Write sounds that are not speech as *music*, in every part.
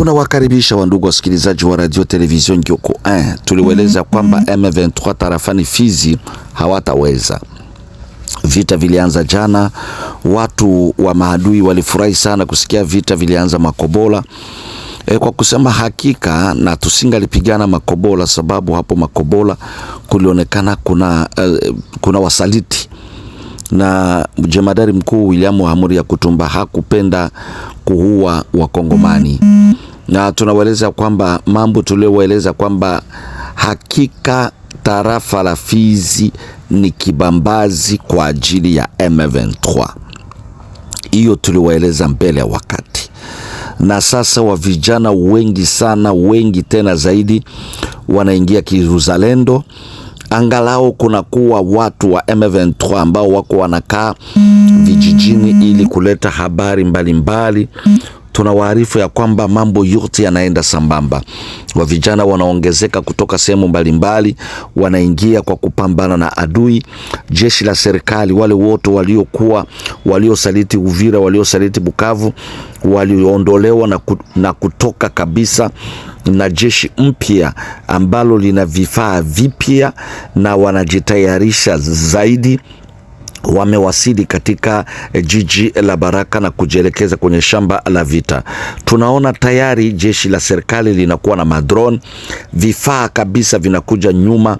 Tunawakaribisha wandugu wasikilizaji wa radio television Ngyoku 1. Tuliweleza mhm, kwamba mhm. M23 tarafani Fizi hawataweza Vita vilianza jana. Watu wa maadui walifurahi sana kusikia vita vilianza Makobola. E, kwa kusema hakika, na tusingalipigana Makobola sababu hapo Makobola kulionekana kuna, uh, kuna wasaliti na jemadari mkuu William Hamuri ya Kutumba hakupenda kuua Wakongomani. Mhm, na tunawaeleza kwamba mambo tuliowaeleza kwamba hakika tarafa la Fizi ni kibambazi kwa ajili ya M23. Hiyo tuliwaeleza mbele ya wakati, na sasa wa vijana wengi sana, wengi tena zaidi, wanaingia kizalendo. Angalau kunakuwa watu wa M23 ambao wako wanakaa vijijini ili kuleta habari mbalimbali mbali tuna waarifu ya kwamba mambo yote yanaenda sambamba. Wa vijana wanaongezeka kutoka sehemu mbalimbali, wanaingia kwa kupambana na adui. Jeshi la serikali, wale wote waliokuwa waliosaliti Uvira, waliosaliti Bukavu, waliondolewa na, ku, na kutoka kabisa na jeshi mpya ambalo lina vifaa vipya na wanajitayarisha zaidi wamewasili katika eh, jiji la Baraka na kujielekeza kwenye shamba la vita. Tunaona tayari jeshi la serikali linakuwa na madron, vifaa kabisa vinakuja nyuma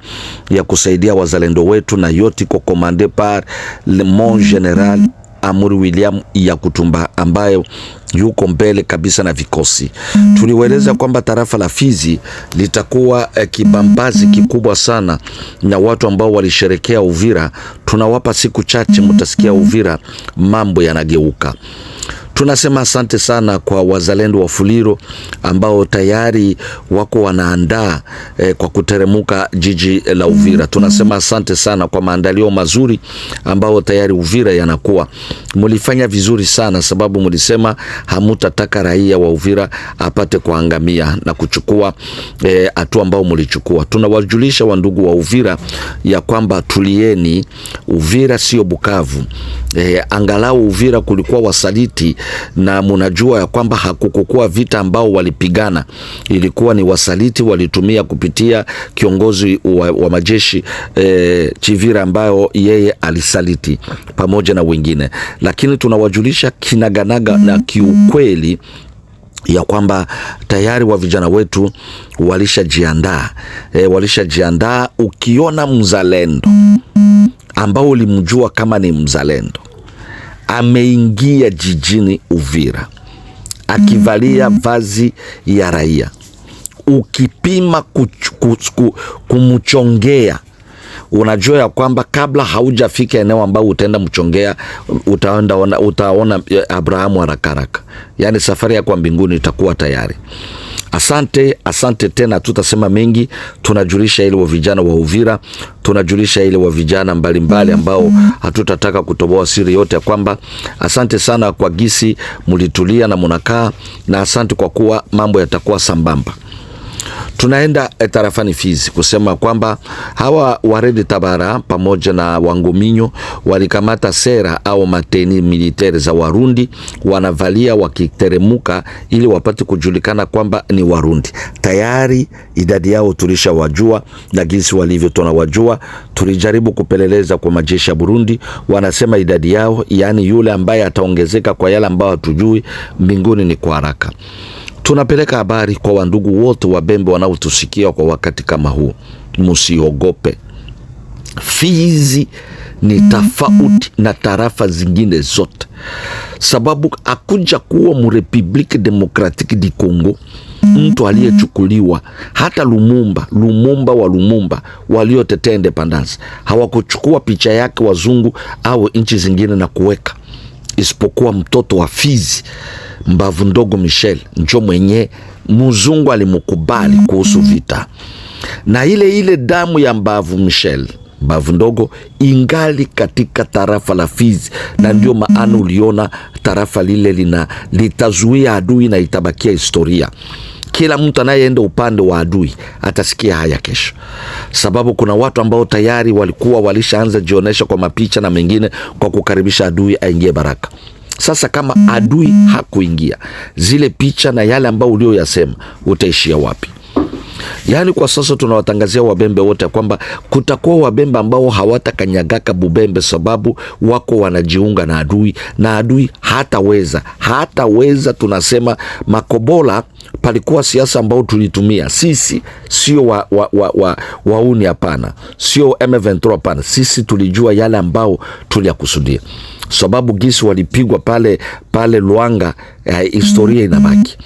ya kusaidia wazalendo wetu, na yote kwa komande par le mon general Amuri William Yakutumba ambaye yuko mbele kabisa na vikosi. Mm-hmm. Tuliwaeleza kwamba tarafa la Fizi litakuwa eh, kibambazi mm-hmm. kikubwa sana na watu ambao walisherekea Uvira. Tunawapa siku chache, mm-hmm. mtasikia Uvira mambo yanageuka. Tunasema asante sana kwa wazalendo wa Fuliro ambao tayari wako wanaandaa eh, kwa kuteremuka jiji la mm-hmm. Uvira. Tunasema mm-hmm. asante sana kwa maandalio mazuri ambao tayari Uvira yanakuwa. Mulifanya vizuri sana sababu mulisema hamutataka raia wa Uvira apate kuangamia na kuchukua eh, hatua eh, ambao mulichukua. Tunawajulisha wandugu wa Uvira ya kwamba tulieni, Uvira sio Bukavu. Eh, angalau Uvira kulikuwa wasaliti na munajua ya kwamba hakukukua vita ambao walipigana, ilikuwa ni wasaliti walitumia kupitia kiongozi wa, wa majeshi e, Chivira ambayo yeye alisaliti pamoja na wengine, lakini tunawajulisha kinaganaga na mm-hmm. kiukweli ya kwamba tayari wa vijana wetu walishajiandaa, e, walishajiandaa. Ukiona mzalendo mm-hmm. ambao ulimjua kama ni mzalendo ameingia jijini Uvira akivalia mhm. vazi ya raia. Ukipima kumchongea unajua ya kwamba kabla haujafika eneo ambao utaenda mchongea, utaona eh, Abrahamu haraka haraka, yaani safari yako mbinguni itakuwa tayari. Asante, asante tena. Tutasema mengi, tunajulisha ile wa vijana wa Uvira, tunajulisha ile wa vijana mbalimbali ambao mm-hmm. hatutataka kutoboa siri yote ya kwamba asante sana kwa gisi mlitulia na munakaa, na asante kwa kuwa mambo yatakuwa sambamba. Tunaenda eh, tarafani Fizi kusema kwamba hawa waredi tabara pamoja na wangominyo walikamata sera au mateni militeri za Warundi, wanavalia wakiteremuka, ili wapate kujulikana kwamba ni Warundi. Tayari idadi yao tulisha wajua na jinsi walivyo wajua Tulijaribu kupeleleza kwa majeshi ya Burundi, wanasema idadi yao, yaani yule ambaye ataongezeka kwa yale ambayo hatujui, mbinguni ni kwa haraka. Tunapeleka habari kwa wandugu wote wabembe wanaotusikia kwa wakati kama huu, musiogope. Fizi ni mhm. tofauti na tarafa zingine zote, sababu akuja kuwa murepublike demokratiki di congo mhm. mtu aliyechukuliwa hata Lumumba, Lumumba wa Lumumba waliotetea independence hawakuchukua picha yake wazungu au nchi zingine na kuweka, isipokuwa mtoto wa Fizi mbavu ndogo Michel njo mwenye muzungu alimukubali kuhusu vita, na ile ile damu ya mbavu Michel mbavu ndogo ingali katika tarafa la Fizi, na ndio maana uliona tarafa lile lina litazuia adui na itabakia historia. Kila mtu anayeenda upande wa adui atasikia haya kesho, sababu kuna watu ambao tayari walikuwa walishaanza jionesha kwa mapicha na mengine kwa kukaribisha adui aingie baraka. Sasa kama adui hakuingia, zile picha na yale ambayo ulioyasema, utaishia wapi? Yaani kwa sasa tunawatangazia wabembe wote kwamba kutakuwa wabembe ambao hawatakanyagaka bubembe, sababu wako wanajiunga na adui, na adui hataweza hataweza. Tunasema Makobola palikuwa siasa ambao tulitumia sisi, sio wa, wa, wa, wa, wauni hapana, sio M23 hapana. Sisi tulijua yale ambao tuliyakusudia, sababu gisi walipigwa pale pale Luanga. Eh, historia mhm, mhm. inabaki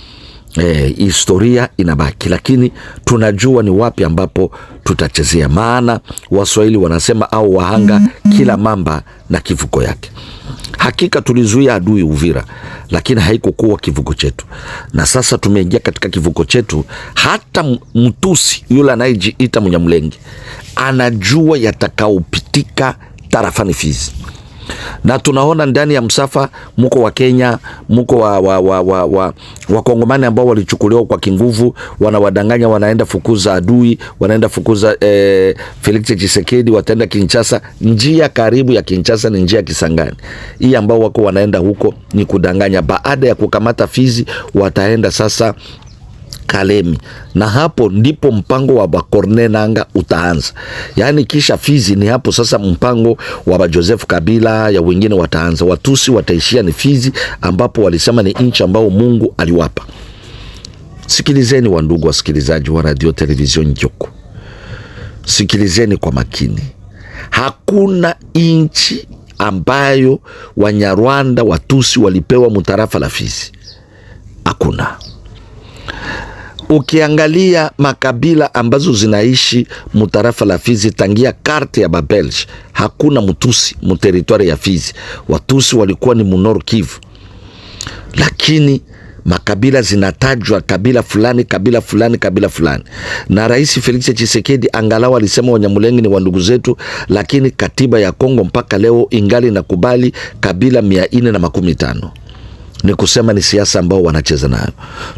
eh, historia inabaki, lakini tunajua ni wapi ambapo tutachezea, maana Waswahili wanasema au wahanga, mm-hmm. kila mamba na kivuko yake. Hakika tulizuia adui Uvira, lakini haikukuwa kivuko chetu, na sasa tumeingia katika kivuko chetu. Hata mtusi yule anayejiita Mnyamlenge anajua yatakaopitika tarafani Fizi na tunaona ndani ya msafa mko wa Kenya, mko wa wa wa wa, wa, wakongomani ambao walichukuliwa kwa kinguvu, wanawadanganya, wanaenda fukuza adui, wanaenda fukuza eh, Felix Tshisekedi, wataenda Kinshasa. Njia karibu ya Kinshasa ni njia Kisangani. Hii ambao wako wanaenda huko ni kudanganya. Baada ya kukamata Fizi, wataenda sasa Kalemi, na hapo ndipo mpango wa Bakorne Nanga utaanza. Yaani kisha Fizi ni hapo sasa mpango wa ba Joseph Kabila ya wengine wataanza. Watusi wataishia ni Fizi, ambapo walisema ni nchi ambao Mungu aliwapa. Sikilizeni wandugu wasikilizaji wa radio television Ngyoku, sikilizeni kwa makini. Hakuna nchi ambayo Wanyarwanda Watusi walipewa mutarafa la Fizi, hakuna ukiangalia makabila ambazo zinaishi mutarafa la Fizi tangia karte ya Babelge, hakuna mutusi muteritwari ya Fizi. Watusi walikuwa ni munoro Kivu, lakini makabila zinatajwa kabila fulani kabila fulani kabila fulani, na Rais Felix Chisekedi angalau alisema Wanyamulenge ni wandugu zetu, lakini katiba ya Kongo mpaka leo ingali inakubali kabila mia nne na makumi tano ni kusema ni siasa ambao wanacheza nayo.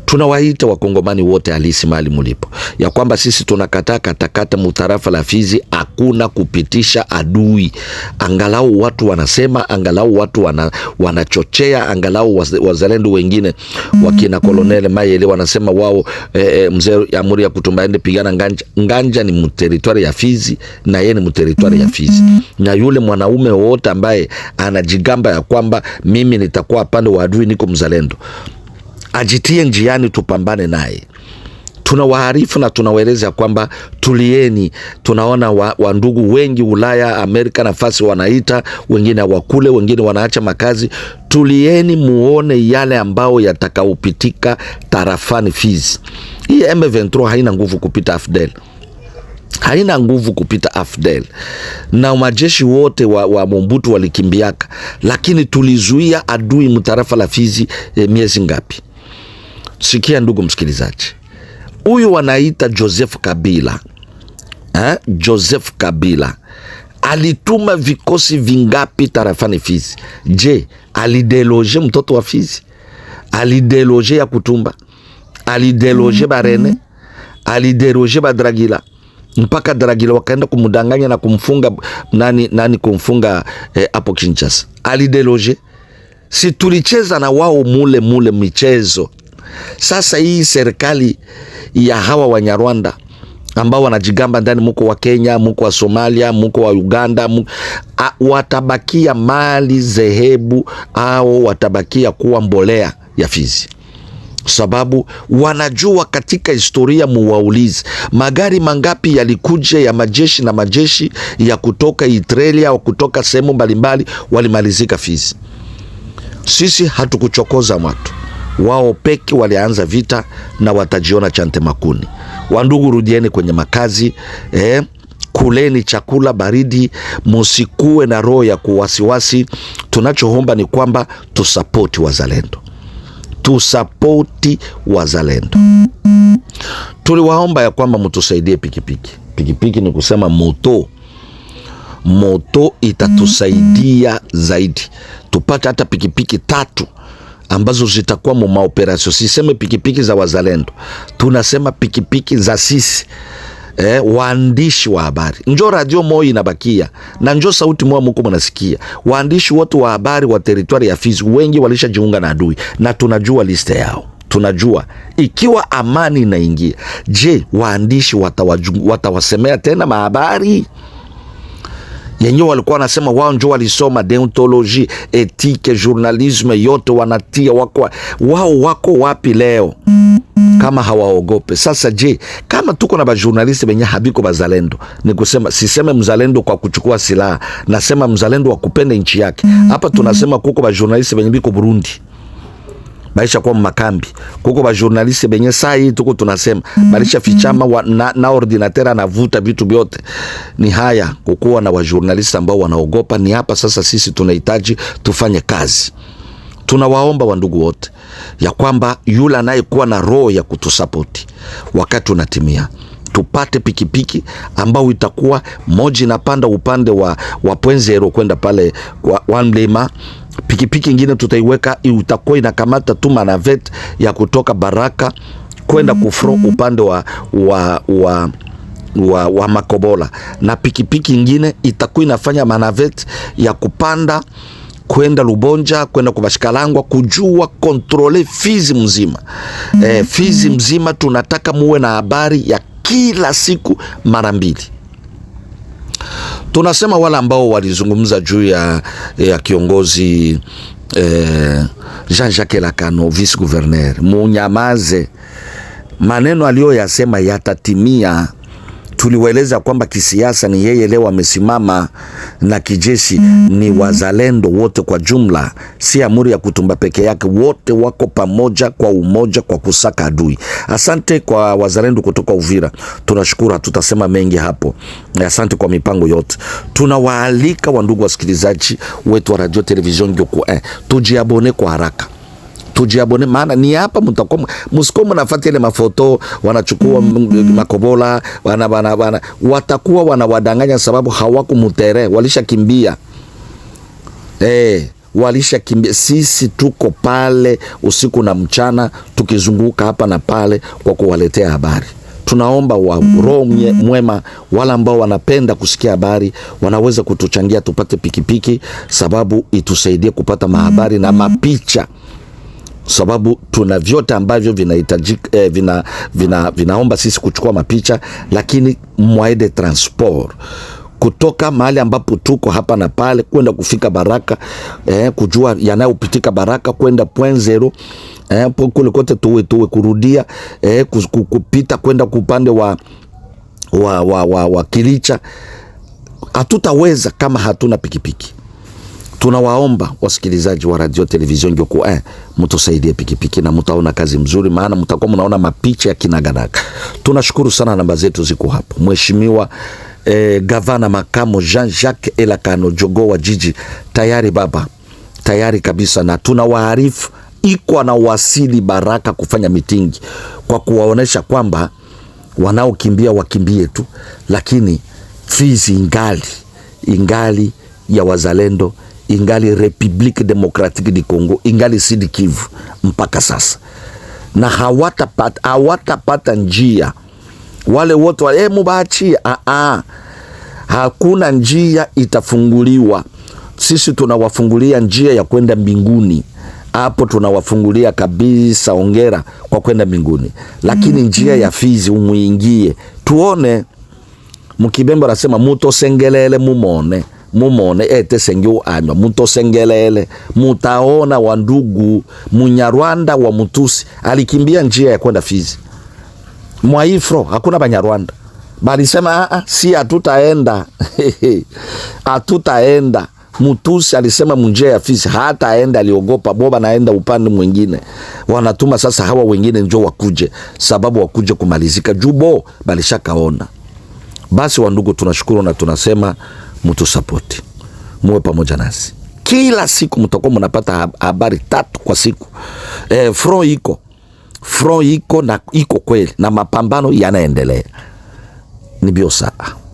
Tunawaita wakongomani wote halisi mali mulipo, ya kwamba sisi tunakataa katakata mutarafa la Fizi, hakuna kupitisha adui. Angalau watu wanasema, angalau watu wana, wanachochea, angalau wazalendo wengine wakina mm-hmm. Kolonel Mayele wanasema wao e, mzee amuri ya kutumba ende pigana nganja. Nganja ni mteritwari ya Fizi na yeye ni mteritwari ya Fizi, mm-hmm. na yule mwanaume wote ambaye anajigamba ya kwamba mimi nitakuwa pande wa adui niko mzalendo, ajitie njiani, tupambane naye. Tunawaarifu na tunawaeleza kwamba tulieni, tunaona wa, wandugu wengi Ulaya, Amerika nafasi wanaita, wengine wakule wengine wanaacha makazi. Tulieni muone yale ambayo yatakaopitika tarafani Fizi. Hii M23 haina nguvu kupita AFDEL halina nguvu kupita AFDEL na majeshi wote wa, wa Mombutu walikimbiaka, lakini tulizuia adui mtarafa la Fizi eh, miezi ngapi? Sikia ndugu msikilizaji, huyu wanaita Joseph Kabila ha? Eh, Joseph Kabila alituma vikosi vingapi tarafani Fizi? Je, alideloje mtoto wa Fizi? alideloje ya kutumba, alideloje mm -hmm. barene, mhm. alideloje badragila mpaka Dragila wakaenda kumdanganya na kumfunga nani, nani kumfunga eh, hapo Kinshasa alideloge. Si tulicheza na wao mule mule michezo. Sasa hii serikali ya hawa Wanyarwanda ambao wanajigamba ndani, muko wa Kenya, muko wa Somalia, muko wa Uganda, muko... A, watabakia mali zehebu au watabakia kuwa mbolea ya Fizi kwa sababu wanajua katika historia, muwaulize magari mangapi yalikuja ya majeshi na majeshi ya kutoka Australia au kutoka sehemu mbalimbali, walimalizika Fizi. Sisi hatukuchokoza watu wao peke walianza vita na watajiona chante makuni. Wandugu, rudieni kwenye makazi eh, kuleni chakula baridi, musikuwe na roho ya kuwasiwasi. Tunachoomba ni kwamba tusapoti wazalendo tusapoti wazalendo. Tuliwaomba ya kwamba mutusaidie pikipiki. Pikipiki ni kusema moto, moto itatusaidia zaidi, tupate hata pikipiki tatu ambazo zitakuwa mu maoperasio. Siseme pikipiki za wazalendo, tunasema pikipiki za sisi eh, waandishi wa habari njo radio moyo inabakia na njo sauti moyo muko mnasikia. Waandishi wote wa habari wa teritwari ya Fizi wengi walishajiunga na adui, na tunajua liste yao tunajua ikiwa amani inaingia. Je, waandishi watawasemea tena mahabari? yenye walikuwa wanasema wao njo walisoma deontoloji, etike, journalisme yote wanatia wako wao, wako wapi leo kama hawaogope? Sasa je, kama tuko na bajurnalisti benye habiko bazalendo, ni kusema siseme mzalendo kwa kuchukua silaha, nasema mzalendo wa kupenda nchi yake. Hapa tunasema kuko bajurnalisti benye biko Burundi baisha kwa makambi kuko ba journaliste benye saa hii tuko tunasema mm, baisha fichama wa, na, na ordinateur anavuta vitu vyote. Ni haya kukuwa na wa journaliste ambao wanaogopa. Ni hapa sasa sisi tunahitaji tufanye kazi. Tunawaomba wandugu wote ya kwamba yule anayekuwa na roho ya kutusapoti wakati unatimia tupate pikipiki piki ambao itakuwa moja inapanda upande wa, wa Pwenzero kwenda pale kwa Wanlema pikipiki ingine tutaiweka, itakuwa inakamata tu manavet ya kutoka Baraka kwenda mm -hmm. kufro mhm. upande wa, wa, wa wa, wa Makobola na pikipiki ingine itakuwa inafanya manavet ya kupanda kwenda Lubonja kwenda kubashikalangwa kujua kontrole Fizi mzima mm -hmm. E, Fizi mhm. mzima tunataka muwe na habari ya kila siku mara mbili tunasema wale ambao walizungumza juu ya, ya kiongozi eh, Jean-Jacques Lacano vice gouverneur, munyamaze, maneno aliyoyasema yatatimia tuliwaeleza kwamba kisiasa ni yeye leo amesimama na kijeshi ni mhm. wazalendo wote kwa jumla, si amuri ya kutumba peke yake, wote wako pamoja kwa umoja kwa kusaka adui. Asante kwa wazalendo kutoka Uvira, tunashukuru. Hatutasema mengi hapo, asante kwa mipango yote. Tunawaalika wandugu wasikilizaji wetu wa radio television Ngyoku eh, tujiabone kwa haraka tujiabone, maana ni hapa mtakuwa msiko mnafuata ile mafoto wanachukua mm, makobola wana, bana bana watakuwa wanawadanganya sababu walisha kimbia eh walisha kimbia. Sisi tuko pale usiku na mchana tukizunguka hapa na pale kwa kuwaletea habari. Tunaomba wa roho mm-hmm. mwema, wala ambao wanapenda kusikia habari wanaweza kutuchangia tupate pikipiki, sababu itusaidie kupata mahabari na mm-hmm. mapicha sababu tuna vyote ambavyo vinahitajika eh, vina, vina, vinaomba sisi kuchukua mapicha, lakini mwaide transport kutoka mahali ambapo tuko hapa na pale kwenda kufika Baraka eh, kujua yanayopitika Baraka kwenda point zero eh, kule kote tuwe tuwe kurudia eh, kupita kwenda kupande wa, wa, wa, wa, wa Kilicha hatutaweza kama hatuna pikipiki tunawaomba wasikilizaji wa radio television Ngyoku eh, mtusaidie pikipiki na mtaona kazi mzuri, maana mtakuwa mnaona mapicha ya kinaganaga. Tunashukuru sana, namba zetu ziko hapo. Mheshimiwa eh, gavana makamo Jean-Jacques Elakano Jogo wa jiji tayari, baba tayari kabisa, na tunawaarifu iko na wasili baraka kufanya mitingi kwa kuwaonesha kwamba wanaokimbia wakimbie tu, lakini Fizi ingali ingali ya wazalendo ingali republic democratic du congo ingali Sud Kivu mpaka sasa, na hawatapata hawatapata njia wale wote wale eh, mubaachie. A ah, a, ah. hakuna njia itafunguliwa. Sisi tunawafungulia njia ya kwenda mbinguni, hapo tunawafungulia kabisa. Ongera kwa kwenda mbinguni, lakini mm -hmm. njia ya Fizi umuingie, tuone. Mkibembo anasema mutosengelele mumone mumone ete senge uanywa mutosengelele, mutaona wandugu munyarwanda wa mutusi alikimbia njia ya kwenda Fizi mwaifro, hakuna Banyarwanda balisema a ah, ah, si hatutaenda, *laughs* hatutaenda Mutusi alisema munjia ya Fizi hata enda, aliogopa boba, naenda upande mwingine. Wanatuma sasa hawa wengine njo wakuje, sababu wakuje kumalizika jubo balishakaona. Basi wandugu, tunashukuru na tunasema mtusapoti, muwe pamoja nasi kila siku, mtakuwa mnapata habari tatu kwa siku. E, eh, fro iko fro iko na iko kweli na mapambano yanaendelea, ni biosaa